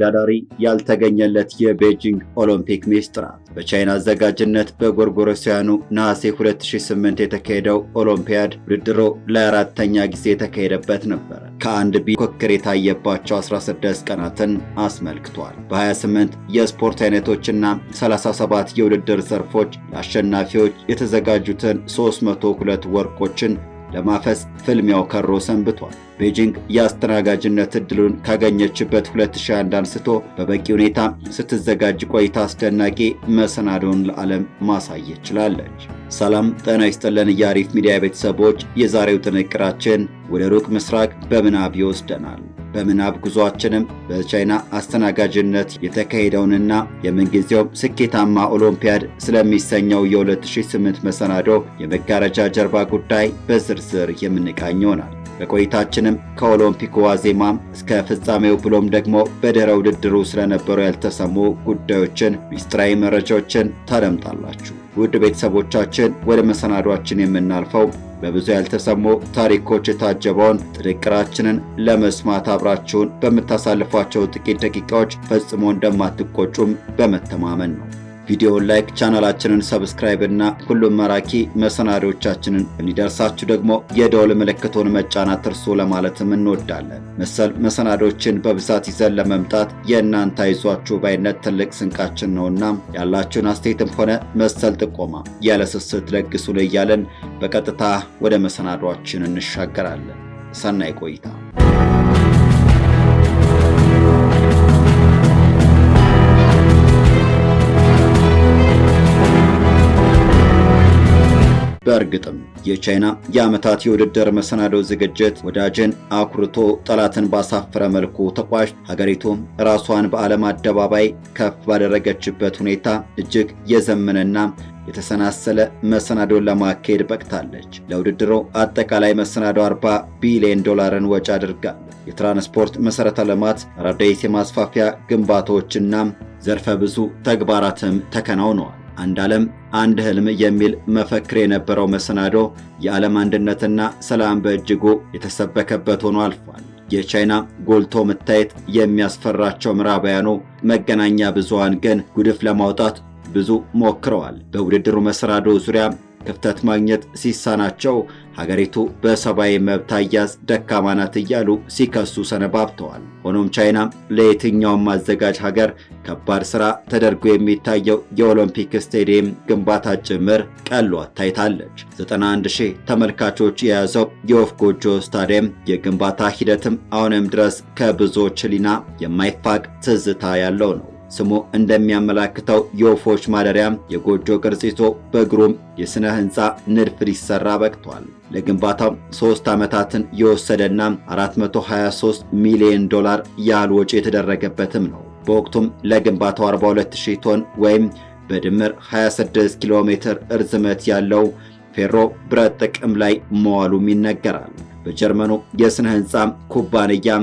ተወዳዳሪ ያልተገኘለት የቤጂንግ ኦሎምፒክ ሚስጥራት በቻይና አዘጋጅነት በጎርጎሮሲያኑ ነሐሴ 2008 የተካሄደው ኦሎምፒያድ ውድድሩ ለአራተኛ ጊዜ የተካሄደበት ነበር። ከአንድ ቢኮክር የታየባቸው 16 ቀናትን አስመልክቷል። በ28 የስፖርት አይነቶችና 37 የውድድር ዘርፎች ለአሸናፊዎች የተዘጋጁትን 302 ወርቆችን ለማፈስ ፍልሚያው ከሮ ሰንብቷል። ቤጂንግ የአስተናጋጅነት እድሉን ካገኘችበት 2001 አንስቶ በበቂ ሁኔታ ስትዘጋጅ ቆይታ አስደናቂ መሰናዶውን ለዓለም ማሳየት ችላለች። ሰላም ጤና ይስጥልን የአሪፍ ሚዲያ ቤተሰቦች፣ የዛሬው ጥንቅራችን ወደ ሩቅ ምስራቅ በምናብ ይወስደናል። በምናብ ጉዟችንም በቻይና አስተናጋጅነት የተካሄደውንና የምንጊዜውም ስኬታማ ኦሎምፒያድ ስለሚሰኘው የ2008 መሰናዶ የመጋረጃ ጀርባ ጉዳይ በዝርዝር የምንቃኝ ይሆናል። በቆይታችንም ከኦሎምፒክ ዋዜማም እስከ ፍጻሜው ብሎም ደግሞ በደረ ውድድሩ ስለነበሩ ያልተሰሙ ጉዳዮችን፣ ሚስጥራዊ መረጃዎችን ታደምጣላችሁ። ውድ ቤተሰቦቻችን ወደ መሰናዷችን የምናልፈው በብዙ ያልተሰሙ ታሪኮች የታጀበውን ጥንቅራችንን ለመስማት አብራችሁን በምታሳልፏቸው ጥቂት ደቂቃዎች ፈጽሞ እንደማትቆጩም በመተማመን ነው። ቪዲዮውን ላይክ፣ ቻናላችንን ሰብስክራይብ እና ሁሉም ማራኪ መሰናዶቻችንን እንዲደርሳችሁ ደግሞ የደወል ምልክቱን መጫናት እርሱ ለማለትም እንወዳለን። መሰል መሰናዶችን በብዛት ይዘን ለመምጣት የእናንተ አይዟችሁ ባይነት ትልቅ ስንቃችን ነውና ያላችሁን አስተያየትም ሆነ መሰል ጥቆማ ያለ ስስት ለግሱን እያለን በቀጥታ ወደ መሰናዷችን እንሻገራለን። ሰናይ ቆይታ በእርግጥም የቻይና የዓመታት የውድድር መሰናዶ ዝግጅት ወዳጅን አኩርቶ ጠላትን ባሳፈረ መልኩ ተቋጭ ሀገሪቱም ራሷን በዓለም አደባባይ ከፍ ባደረገችበት ሁኔታ እጅግ የዘመነና የተሰናሰለ መሰናዶን ለማካሄድ በቅታለች። ለውድድሩ አጠቃላይ መሰናዶ 40 ቢሊዮን ዶላርን ወጪ አድርጋለች። የትራንስፖርት መሠረተ ልማት፣ ረዳይት የማስፋፊያ ግንባታዎችና ዘርፈ ብዙ ተግባራትም ተከናውነዋል። አንድ ዓለም አንድ ህልም የሚል መፈክር የነበረው መሰናዶ የዓለም አንድነትና ሰላም በእጅጉ የተሰበከበት ሆኖ አልፏል። የቻይና ጎልቶ መታየት የሚያስፈራቸው ምዕራባውያኑ መገናኛ ብዙሃን ግን ጉድፍ ለማውጣት ብዙ ሞክረዋል። በውድድሩ መሰናዶ ዙሪያ ክፍተት ማግኘት ሲሳናቸው ሀገሪቱ በሰብአዊ መብት አያዝ ደካማ ናት እያሉ ሲከሱ ሰነባብተዋል። ሆኖም ቻይና ለየትኛውም አዘጋጅ ሀገር ከባድ ስራ ተደርጎ የሚታየው የኦሎምፒክ ስቴዲየም ግንባታ ጭምር ቀሏት ታይታለች። 91 ሺህ ተመልካቾች የያዘው የወፍ ጎጆ ስታዲየም የግንባታ ሂደትም አሁንም ድረስ ከብዙዎች ሕሊና የማይፋቅ ትዝታ ያለው ነው። ስሙ እንደሚያመላክተው የወፎች ማደሪያ የጎጆ ቅርጽ ይዞ በግሩም የሥነ ሕንፃ ንድፍ ሊሰራ በቅቷል። ለግንባታው ሦስት ዓመታትን የወሰደና 423 ሚሊዮን ዶላር ያህል ወጪ የተደረገበትም ነው። በወቅቱም ለግንባታው 42000 ቶን ወይም በድምር 26 ኪሎ ሜትር እርዝመት ያለው ፌሮ ብረት ጥቅም ላይ መዋሉም ይነገራል። በጀርመኑ የሥነ ሕንፃ ኩባንያ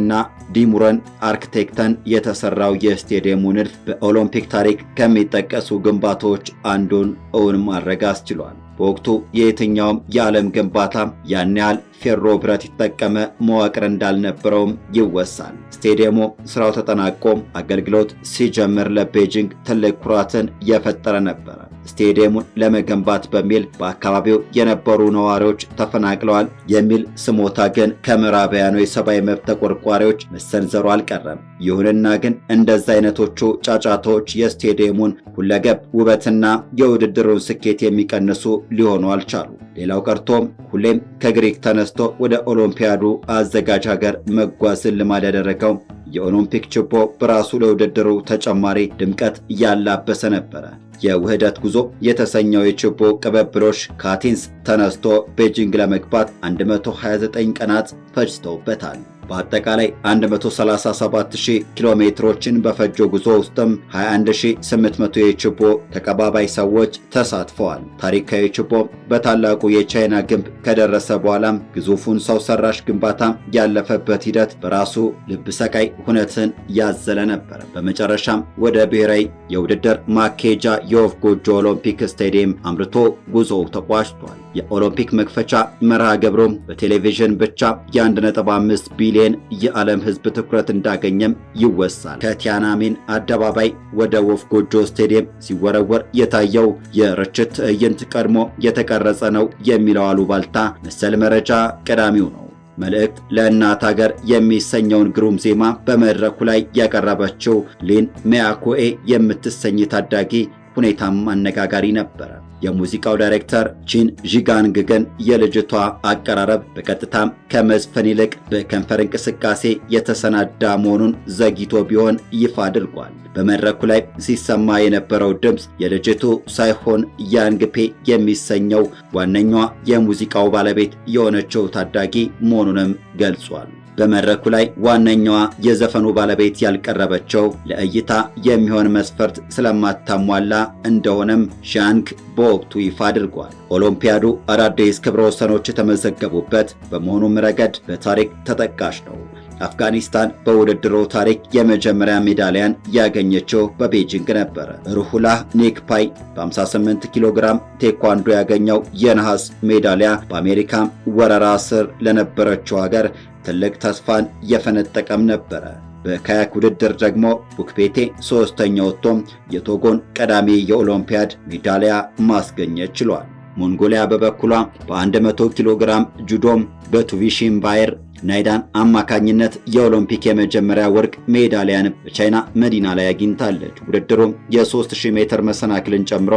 እና ዲሙረን አርክቴክተን የተሰራው የስቴዲየሙ ንድፍ በኦሎምፒክ ታሪክ ከሚጠቀሱ ግንባታዎች አንዱን እውን ማድረግ አስችሏል። በወቅቱ የየትኛውም የዓለም ግንባታ ያን ያህል ፌሮ ብረት ይጠቀመ መዋቅር እንዳልነበረውም ይወሳል። ስቴዲየሙ ስራው ተጠናቆ አገልግሎት ሲጀምር ለቤጂንግ ትልቅ ኩራትን የፈጠረ ነበረ። ስቴዲየሙን ለመገንባት በሚል በአካባቢው የነበሩ ነዋሪዎች ተፈናቅለዋል የሚል ስሞታ ግን ከምዕራባውያኑ የሰብአዊ መብት ተቆርቋሪዎች መሰንዘሩ አልቀረም። ይሁንና ግን እንደዛ አይነቶቹ ጫጫታዎች የስቴዲየሙን ሁለገብ ውበትና የውድድሩን ስኬት የሚቀንሱ ሊሆኑ አልቻሉ። ሌላው ቀርቶም ሁሌም ከግሪክ ተነስቶ ወደ ኦሎምፒያዱ አዘጋጅ ሀገር መጓዝን ልማድ ያደረገው የኦሎምፒክ ችቦ በራሱ ለውድድሩ ተጨማሪ ድምቀት እያላበሰ ነበረ። የውህደት ጉዞ የተሰኘው የችቦ ቅብብሎሽ ካቲንስ ተነስቶ ቤጂንግ ለመግባት 129 ቀናት ፈጅተውበታል። በአጠቃላይ 137000 ኪሎ ሜትሮችን በፈጀው ጉዞ ውስጥም 21800 የችቦ ተቀባባይ ሰዎች ተሳትፈዋል። ታሪካዊ ችቦ በታላቁ የቻይና ግንብ ከደረሰ በኋላም ግዙፉን ሰው ሰራሽ ግንባታ ያለፈበት ሂደት በራሱ ልብ ሰቃይ ሁነትን ያዘለ ነበር። በመጨረሻም ወደ ብሔራዊ የውድድር ማኬጃ የወፍ ጎጆ ኦሎምፒክ ስታዲየም አምርቶ ጉዞው ተቋጭቷል። የኦሎምፒክ መክፈቻ መርሃ ገብሮም በቴሌቪዥን ብቻ የ1.5 ቢሊዮን የዓለም ሕዝብ ትኩረት እንዳገኘም ይወሳል። ከቲያናሚን አደባባይ ወደ ወፍ ጎጆ ስታዲየም ሲወረወር የታየው የርችት ትዕይንት ቀድሞ የተቀረጸ ነው የሚለው አሉባልታ መሰል መረጃ ቀዳሚው ነው። መልእክት ለእናት ሀገር የሚሰኘውን ግሩም ዜማ በመድረኩ ላይ ያቀረበችው ሊን ሚያኮኤ የምትሰኝ ታዳጊ ሁኔታም አነጋጋሪ ነበረ። የሙዚቃው ዳይሬክተር ቺን ዢጋንግ ግን የልጅቷ አቀራረብ በቀጥታም ከመዝፈን ይልቅ በከንፈር እንቅስቃሴ የተሰናዳ መሆኑን ዘግይቶ ቢሆን ይፋ አድርጓል። በመድረኩ ላይ ሲሰማ የነበረው ድምፅ የልጅቱ ሳይሆን ያንግፔ የሚሰኘው ዋነኛዋ የሙዚቃው ባለቤት የሆነችው ታዳጊ መሆኑንም ገልጿል። በመድረኩ ላይ ዋነኛዋ የዘፈኑ ባለቤት ያልቀረበቸው ለእይታ የሚሆን መስፈርት ስለማታሟላ እንደሆነም ሻንክ በወቅቱ ይፋ አድርጓል። ኦሎምፒያዱ አዳዲስ ክብረ ወሰኖች የተመዘገቡበት በመሆኑም ረገድ በታሪክ ተጠቃሽ ነው። አፍጋኒስታን በውድድሩ ታሪክ የመጀመሪያ ሜዳሊያን ያገኘችው በቤጂንግ ነበረ። ሩሁላ ኔክፓይ በ58 ኪሎ ግራም ቴኳንዶ ያገኘው የነሐስ ሜዳሊያ በአሜሪካ ወረራ ስር ለነበረችው ሀገር ትልቅ ተስፋን የፈነጠቀም ነበረ። በካያክ ውድድር ደግሞ ቡክፔቴ ሦስተኛ ወጥቶም የቶጎን ቀዳሚ የኦሎምፒያድ ሜዳሊያ ማስገኘት ችሏል። ሞንጎሊያ በበኩሏ በ100 ኪሎ ግራም ጁዶም በቱቪሺምባየር ናይዳን አማካኝነት የኦሎምፒክ የመጀመሪያ ወርቅ ሜዳሊያን በቻይና መዲና ላይ አግኝታለች። ውድድሩ የ3000 ሜትር መሰናክልን ጨምሮ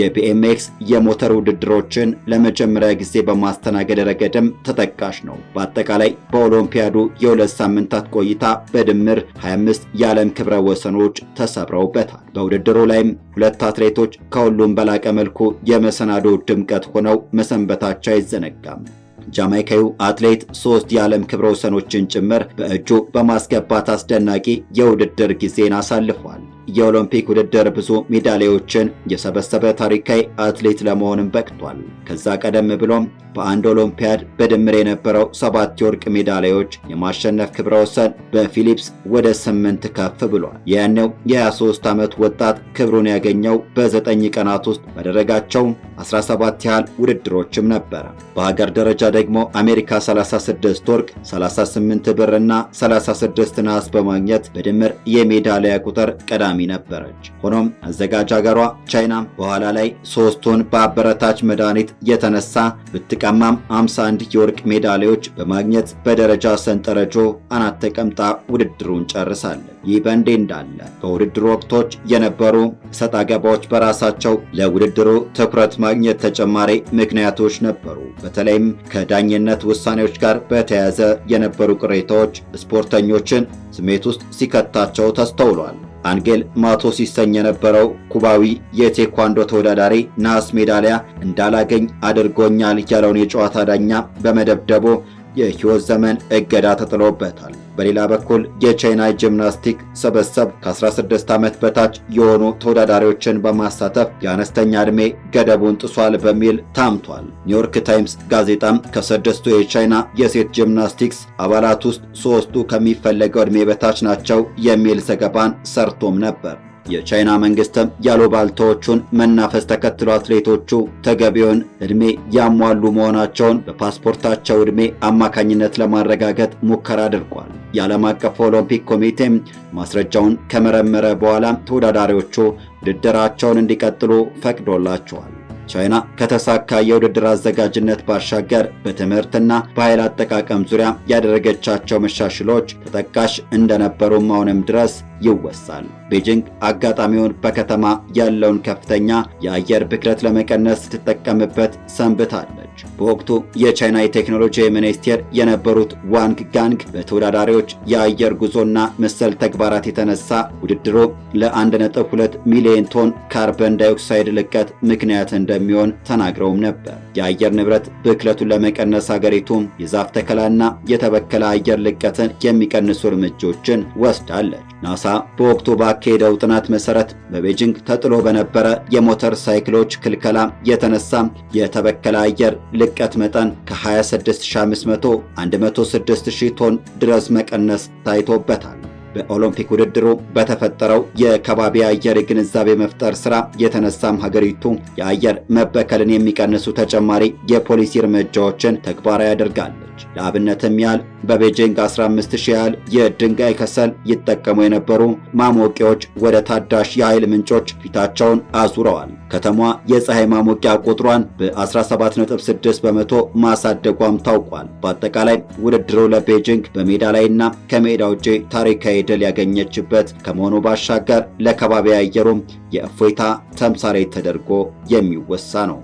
የቢኤምኤክስ የሞተር ውድድሮችን ለመጀመሪያ ጊዜ በማስተናገድ ረገድም ተጠቃሽ ነው። በአጠቃላይ በኦሎምፒያዱ የሁለት ሳምንታት ቆይታ በድምር 25 የዓለም ክብረ ወሰኖች ተሰብረውበታል። በውድድሩ ላይም ሁለት አትሌቶች ከሁሉም በላቀ መልኩ የመሰናዶ ድምቀት ሆነው መሰንበታቸው አይዘነጋም። ጃማይካዊው አትሌት ሶስት የዓለም ክብረ ወሰኖችን ጭምር በእጁ በማስገባት አስደናቂ የውድድር ጊዜን አሳልፏል። የኦሎምፒክ ውድድር ብዙ ሜዳሊያዎችን የሰበሰበ ታሪካዊ አትሌት ለመሆንም በቅቷል። ከዛ ቀደም ብሎም በአንድ ኦሎምፒያድ በድምር የነበረው ሰባት የወርቅ ሜዳሊያዎች የማሸነፍ ክብረ ወሰን በፊሊፕስ ወደ ስምንት ከፍ ብሏል። ያኔው የ23 ዓመት ወጣት ክብሩን ያገኘው በዘጠኝ ቀናት ውስጥ ባደረጋቸው 17 ያህል ውድድሮችም ነበረ። በሀገር ደረጃ ደግሞ አሜሪካ 36 ወርቅ፣ 38 ብርና 36 ነሐስ በማግኘት በድምር የሜዳሊያ ቁጥር ቀዳሚ ነበረች። ሆኖም አዘጋጅ ሀገሯ ቻይና በኋላ ላይ ሶስቱን በአበረታች መድኃኒት የተነሳ ብትቀማም 51 የወርቅ ሜዳሊያዎች በማግኘት በደረጃ ሰንጠረጆ አናት ተቀምጣ ውድድሩን ጨርሳለች። ይህ በእንዴ እንዳለ በውድድሩ ወቅቶች የነበሩ ሰጣ አገባዎች በራሳቸው ለውድድሩ ትኩረት ለማግኘት ተጨማሪ ምክንያቶች ነበሩ። በተለይም ከዳኝነት ውሳኔዎች ጋር በተያያዘ የነበሩ ቅሬታዎች ስፖርተኞችን ስሜት ውስጥ ሲከታቸው ተስተውሏል። አንጌል ማቶስ ሲሰኝ የነበረው ኩባዊ የቴኳንዶ ተወዳዳሪ ነሐስ ሜዳሊያ እንዳላገኝ አድርጎኛል ያለውን የጨዋታ ዳኛ በመደብደቦ የሕይወት ዘመን እገዳ ተጥሎበታል። በሌላ በኩል የቻይና ጂምናስቲክ ስብስብ ከ16 ዓመት በታች የሆኑ ተወዳዳሪዎችን በማሳተፍ የአነስተኛ ዕድሜ ገደቡን ጥሷል በሚል ታምቷል። ኒውዮርክ ታይምስ ጋዜጣም ከስድስቱ የቻይና የሴት ጂምናስቲክስ አባላት ውስጥ ሦስቱ ከሚፈለገው ዕድሜ በታች ናቸው የሚል ዘገባን ሰርቶም ነበር። የቻይና መንግስትም የአሉባልታዎቹን መናፈስ ተከትሎ አትሌቶቹ ተገቢውን እድሜ ያሟሉ መሆናቸውን በፓስፖርታቸው እድሜ አማካኝነት ለማረጋገጥ ሙከራ አድርጓል። የዓለም አቀፍ ኦሎምፒክ ኮሚቴም ማስረጃውን ከመረመረ በኋላ ተወዳዳሪዎቹ ውድድራቸውን እንዲቀጥሉ ፈቅዶላቸዋል። ቻይና ከተሳካ የውድድር አዘጋጅነት ባሻገር በትምህርትና በኃይል አጠቃቀም ዙሪያ ያደረገቻቸው መሻሽሎች ተጠቃሽ እንደነበሩም አሁንም ድረስ ይወሳል። ቤጂንግ አጋጣሚውን በከተማ ያለውን ከፍተኛ የአየር ብክለት ለመቀነስ ስትጠቀምበት ሰንብታለች። ናቸው። በወቅቱ የቻይና የቴክኖሎጂ ሚኒስቴር የነበሩት ዋንግ ጋንግ በተወዳዳሪዎች የአየር ጉዞና መሰል ተግባራት የተነሳ ውድድሩ ለ1.2 ሚሊዮን ቶን ካርበን ዳይኦክሳይድ ልቀት ምክንያት እንደሚሆን ተናግረውም ነበር። የአየር ንብረት ብክለቱን ለመቀነስ ሀገሪቱም የዛፍ ተከላና የተበከለ አየር ልቀትን የሚቀንሱ እርምጃዎችን ወስዳለች። ናሳ በወቅቱ ባካሄደው ጥናት መሰረት በቤጂንግ ተጥሎ በነበረ የሞተር ሳይክሎች ክልከላ የተነሳ የተበከለ አየር ልቀት መጠን ከ26500 106000 ቶን ድረስ መቀነስ ታይቶበታል። በኦሎምፒክ ውድድሩ በተፈጠረው የከባቢ አየር ግንዛቤ መፍጠር ስራ የተነሳም ሀገሪቱ የአየር መበከልን የሚቀንሱ ተጨማሪ የፖሊሲ እርምጃዎችን ተግባራዊ ያደርጋለች። ለአብነትም ያህል በቤጂንግ 15000 ያህል የድንጋይ ከሰል ይጠቀሙ የነበሩ ማሞቂያዎች ወደ ታዳሽ የኃይል ምንጮች ፊታቸውን አዙረዋል። ከተማዋ የፀሐይ ማሞቂያ ቁጥሯን በ17.6 በመቶ ማሳደጓም ታውቋል። በአጠቃላይ ውድድሩ ለቤጂንግ በሜዳ ላይና ከሜዳ ውጪ ታሪካዊ ድል ያገኘችበት ከመሆኑ ባሻገር ለከባቢ አየሩም የእፎይታ ተምሳሌ ተደርጎ የሚወሳ ነው።